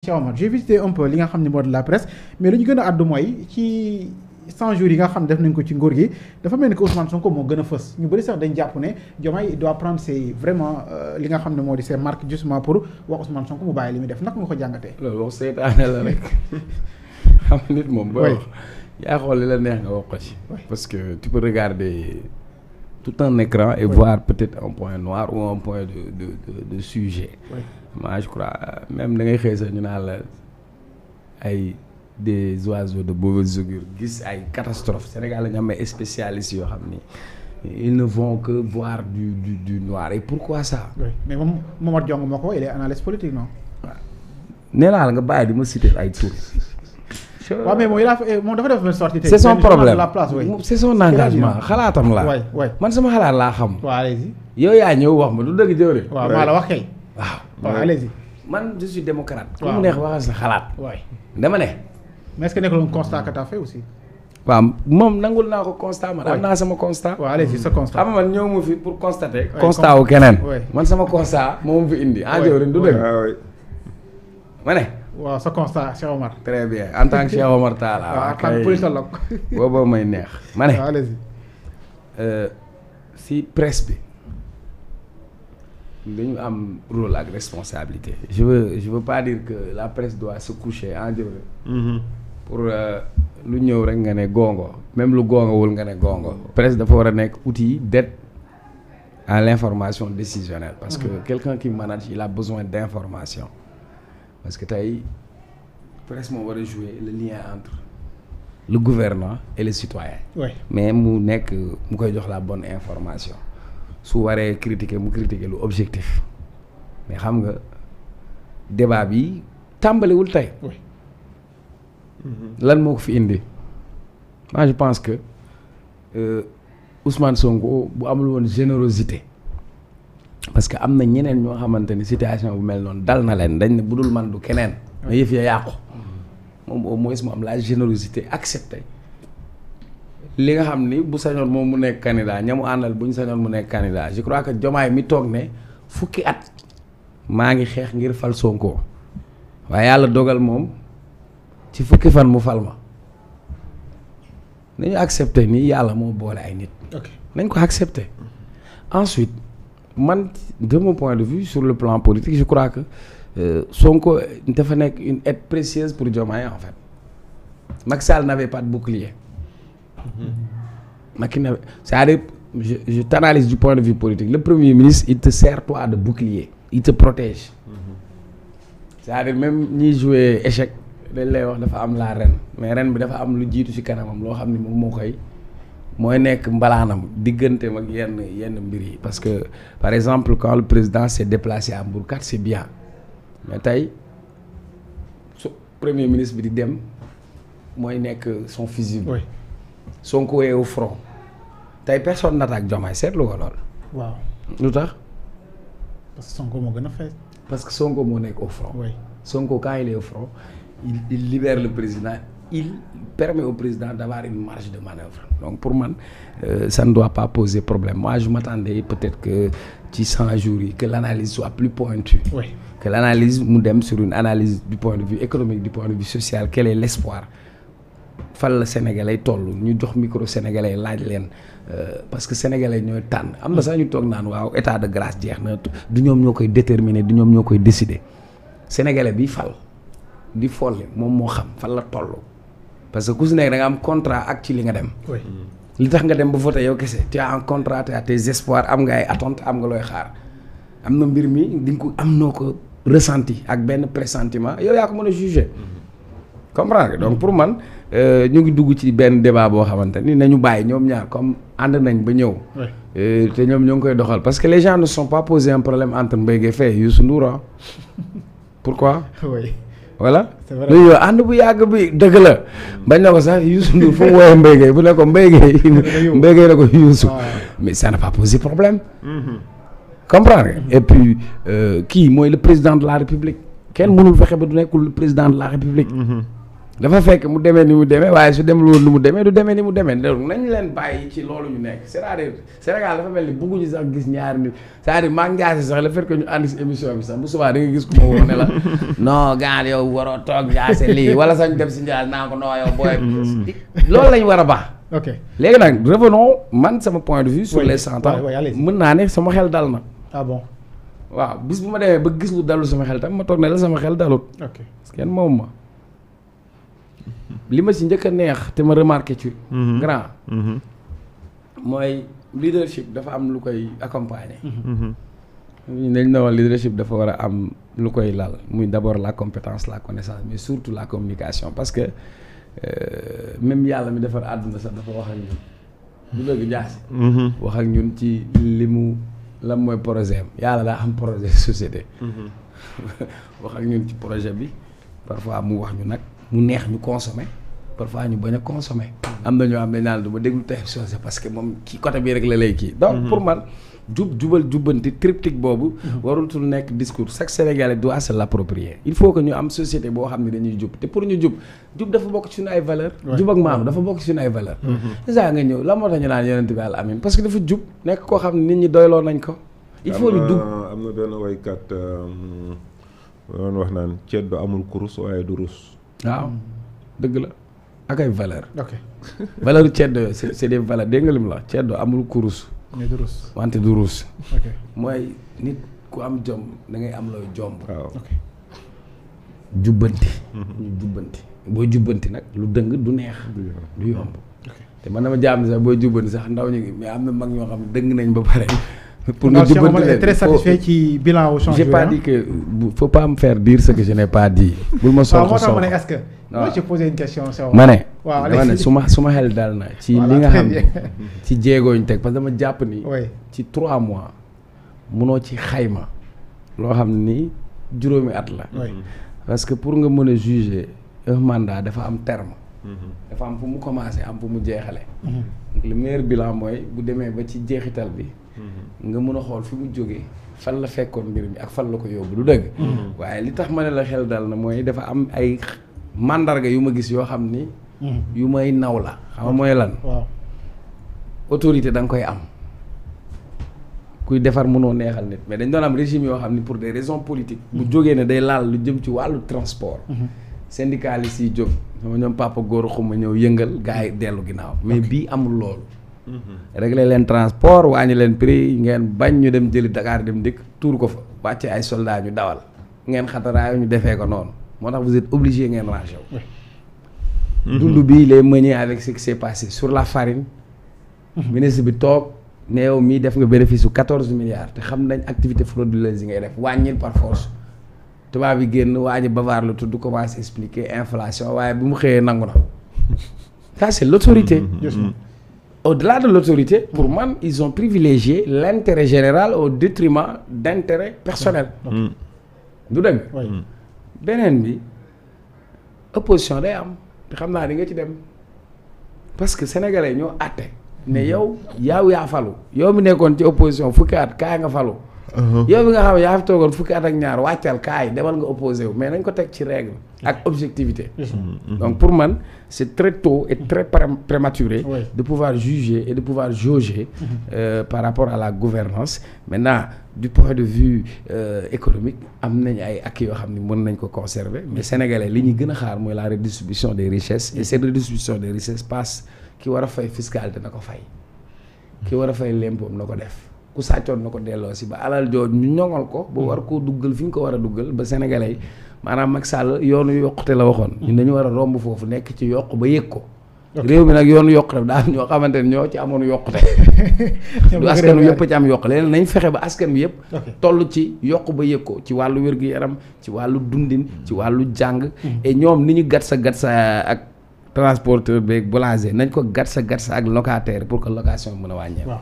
Cheikh Omar li nga xam ne moo di la presse mais lu ñu gën a àddu mooy ci 100 jours yi nga xam def nañ ko ci nguur gi dafa mel ni que Ousmane Sonko moo gën a fës ñu bëri sax dañ jàpp ne Diomaye doit prendre ses vraiment euh, li nga xam ne moo di ses marques justement pour wax Ousmane Sonko mu bàyyi li muy def naka nga ko jàngatee. loolu wax la rek xam nit moom. booy wax yaa xool li la neex nga wax ko ci. parce que tu peux regarder tout un écran et voir peut-être un point noir ou un point de de de, moi je crois même da ngay xëy sax ñu naan la ay des oiseaux de mauvais augure gis ay catastrophe Sénégal la ñu am ay spécialistes yoo xam ni ils ne vont que voir du du noir et pourquoi ça. mais moom Momar Diong moo ko il est nee naa la nga bàyyi di ma citer ay tur. waaw mais eh, def benn c'est son problème c'est son engagement xalaatam laa. waay waay man sama xalaat laa xam. yow yaa ñëw wax ma lu dëgg jëwre. waaw maa la wax kay waaw. waaw allez-y man je suis démocrate. waaw mu neex waxal sa xalaat. dama ne. mais est-ce que nekkul woon constat que t'as aussi. waaw moom nangul naa ko constat man am naa sama constat. waaw allez-y sa constat. xam man ñëw mu fi pour constater. constat wu keneen. man sama constat moom fi indi. en ah, théorie du dëgg. ma ne. waaw sa constat Cheikh Omar. très bien en tant que Omar Talla. waaw ah, boobu may neex. ma ne. Euh, si presse bi. ñu am rôle ak responsabilité je veux je veux pas dire que la presse doit se en jëwre mm-hmm. pour euh, lu ñëw rek nga ne gongo même lu gongowul nga ne gongo presse dafa war a nekk outil d'aide à l'information décisionnelle parce que mm-hmm. quelqu'un qui manage il a besoin d'information parce que tey presse moo war a jouer le lien entre lu gouvernement et le citoyen mais mu nekk mu koy jox la bonne information su waree critiquer mu critiquer lu objectif mais xam nga débat bi tàmbaliwul tey. Mm-hmm. lan moo ko fi indi. moi je pense que euh, Ousmane Sonko bu amul woon générosité parce que am na ñeneen ñoo xamante ni situation bu mel noonu dal na leen dañ ne bu dul man du keneen. ma yëf ya yàqu. Mm-hmm. moom au moins mu am la générosité accepté. li nga xam ni bu sañoon moom mu nekk candidat ñamu àndal bu ñu sañoon mu nekk candidat je crois que jomaay mi toog ne fukki at maa ngi xeex ngir fal Sonko waaye yàlla dogal moom ci fukki fan mu fal ma nañu accepté nii yàlla moo boole ay nit. nañ ko accepté ensuite man de mon point de vue sur le plan politique je crois que euh, Sonko dafa nekk une aide précieuse pour Diomaye en fait nag Sall n'avait pas de bouclier. Macky Nawe c'est-à-dire tanalise je t'analyse du point de vue politique le premier ministre it te sert toi de bouclier il te protège c'est-à-dire même ñiy jouer échec dañ lay wax dafa am la ren mais ren bi dafa am lu jiitu ci kanamam loo xam ni moom moo koy mooy nekk mbalaanam diggante ak yenn yenn mbir yi parce que par exemple quand le président s'est déplacé à Mbourkat c'est bien mais tey su premier ministre bi di dem mooy nekk son fusible Sonko est au tey personne n'attaque Diomaye seetlu nga lool. waaw lu tax. parce que Sonko moo gën a fay. parce que Sonko moo nekk au front. oui Sonko quand il est au il libère le président il permet au président d'avoir une marge de manœuvre donc pour man euh, ça ne doit pas poser problème moi je m'attendais peut-être que ci 100 jours yi que l'analyse soit plus pointue. oui que l'analyse mu dem sur une analyse du point de vue économique du point de vue social quel fan la sénégalais toll ñu jox micro sénégalais laaj leen euh, parce que sénégalais ñooy tànn am na sax ñu toog naan waaw état de grâce jeex na du ñoom ñoo koy déterminer du ñoom ñoo koy décider sénégalais bi fal di folli moom moo xam fan la toll parce que ku si nekk nga am contrat ak ci li nga dem. li tax nga dem ba voté yow kese tu as un contrat tu am nga ay attentes am nga looy xaar am na mbir mi di ko am noo ko ressenti ak benn pressentiment yow yaa ko comprendre donc pour man euh, ñu ngi dugg ci benn débat boo xamante ni nañu bàyyi ñoom ñaar comme ànd nañ ba ñëw. Euh, te ñoom ñoo ngi koy doxal parce que les gens ne sont pas posé un problème entre Mbaye Gueye Faye Youssou Ndour pourquoi. oui voilà. c'est ànd bu yàgg bi dëgg la bañ na ko sax Youssou Ndour fu mu woowee Mbaye Gueye bu ne ko Mbaye Gueye Mbaye Gueye la mais ça n'a pas posé problème. Mm-hmm. comprendre mm-hmm. et puis euh, kii mooy le président de la république kenn mm-hmm. mënul fexe ba du nekkul président de la république. dafa fekk mu demee ni mu demee waaye su dem woon mu demee du demee ni mu demee donc nañ leen bàyyi ci loolu ñu nekk c'est-à-dire Sénégal dafa mel ni bëgguñu sax gis ñaari nit c'est-à-dire maa ngi sax le fait que ñu ànd si émission bi sax bu da nga gis ku ma woo ne la non gaan yow waroo toog njaase lii wala sax ñu dem si njaase naa ko noo yow loolu lañu war a baax léegi nag revenons man sama point de vue sur les cent ans mën naa ne sama xel dal na ah bon waaw bis bu ma demee ba gis lu dalul sama xel tam ma toog ne la sama xel dalut ok kenn moom ma li ma si njëkk a neex te ma remarqué ci. Mhm. grand. Mhm. mooy leadership dafa am lu koy accompagner. nañ mhm. ne woon leadership dafa war a am lu koy lal muy d'abord la compétence la connaissance mais surtout la communication parce que euh, même yàlla mi defar àdduna sax dafa wax ak ñun. du dëgg jaasi. wax ak ñun ci li mu lan mooy projet am yàlla daa am projet société. wax ak ñun ci projet bi parfois mu wax ñu nag mu neex ñu consommer. parfois ñu bañ a consommer. am na ñoo xam ne naan du ma déglu Taïb Socé parce que moom kii côté bii rek la lay donc mhm. pour man jub jubal jubbanti triptyque boobu. Mhm. warutul nekk discours chaque Sénégalais doit se l'approprier. il faut que ñu am société boo xam ne dañuy jub te pour ñu jub jub dafa bokk suñu ay valeur jub ak maanu dafa bokk suñu ay valeur mhm. déjà nga ñëw la ñu naan yonent bi al amin parce que dafa jub nekk koo xam ne nit ñi doyloo nañ ko. il faut ñu dugg am na benn waykat euh, doon wax naan ceeb amul kurus waaye ak ay valeur ok valeur ceddo c' est des valeurs dégg nga lim la ceddo amul kurus. mais du wante du rus. mooy nit ku am jom da ngay am looy jomb. jubbanti. Mhm. ñu jubbanti boo jubbanti nag lu dëng du neex. du yomb te man dama jaam sax boo jubbanti sax ndaw ñu ngi mais am na mag ñoo xam ne dëng nañ ba pare. pour nga jubbanti leen très satisfait ci bilan au change j'ai pas ah. dit que faire dire ce que pas dit. ma soxla soxla waaw ce que. waaw moi ma ne ma ne su ma su ma xel dal na. ci li nga xam ne ci jéego ñu teg parce que dama jàpp ni. ci trois mois munoo ci xayma. loo xam ni juróomi at la. parce pour nga mën a juger un dafa am terme. Mhm. dafa am fu mu commencé am fu mu jeexale. Mhm. le meilleur bilan mooy bu demee ba ci jeexital bi. nga mën a xool fi mu jógee fan la fekkoon mbir mi ak fan la ko yóbbu lu dëgg mm-hmm. waaye li tax ma ne la xel dal na mooy dafa am ay màndarga yu ma gis yoo xam ni mm-hmm. yu may naw la xam nga mooy lan waaw autorité koy am kuy defar mënoo neexal nit mais dañ doon am régime yoo xam ni pour des raisons politiques bu mm-hmm. jógee ne day laal lu jëm ci wàllu transport syndicalistes yi jóg sama ñoom papa góor xuma ñëw yëngal gars yi dellu ginnaaw mais bii amul loolu régler leen transport wàññi leen prix ngeen bañ ñu dem jëli Dakar dem dikk tuur ko fa wàcce ay soldats ñu dawal ngeen xataraayu ñu defee ko noonu moo tax vous obligé ngeen rangé wu mm-hmm. dund bi les meunier avec ce qui s'est sur la farine mm-hmm. ministre bi toog ne mii def nga bénéfice su quatorze milliards te xam nañ activité frauduleuse yi ngay def wàññil par force tubaab yi génn waa ji bavaar la du commencé expliquer inflation waaye bu mu xëyee nangu na au-delà de l'autorité pour man ils ont privilégié l'intérêt général au détriment d'intérêt personnel mm. mm. du dëgg mm. beneen bi opposition day am te xam naa di nga ci dem parce que sénégalais ñoo àtte ne yow yaaw yaa falu yow mi nekkoon ci opposition fukki at kaa nga falu Uh-huh. yow bi nga xam ne yaa fi toogoon fukki at ak ñaar wàccal kaay demal nga opposé wu mais nañ ko teg ci règle ak objectivité mm-hmm. donc pour man c'est très taux et très prématuré de pouvoir juger et de pouvoir jauger mm-hmm. euh, par rapport à la gouvernance maintenant du point de vue euh, économique am nañ ay ak yoo xam ne mën nañ ko conserver mais sénégalais li ñuy gën a xaar mooy la redistribution des richesses et cette redistribution des richesses passe ki war a fay fiscalité na ko fay ki war a fay lempoom na ko def ku sàccoon na ko delloo si ba alal jooju ñu ñoŋal ko ba war koo duggal fi ñu ko war a duggal ba sénégalais yi maanaam Macky Sall yoonu yokkute la waxoon ñun dañu war a romb foofu nekk ci yokk ba yëg ko réew mi nag yoonu yokkute daa am ñoo xamante ne ñoo ci amoon yokkute du askan yëpp ci am yokk leen nañ fexe ba askan wi yëpp toll ci yokku ba yëg ko ci wàllu wér-gu-yaram ci wàllu dundin ci wàllu jàng mhm. et ñoom ni ñu gat sa gat sa ak transporteur beeg boulanger nañ ko gat sa gat ak locataire pour que location mën a wàññeeku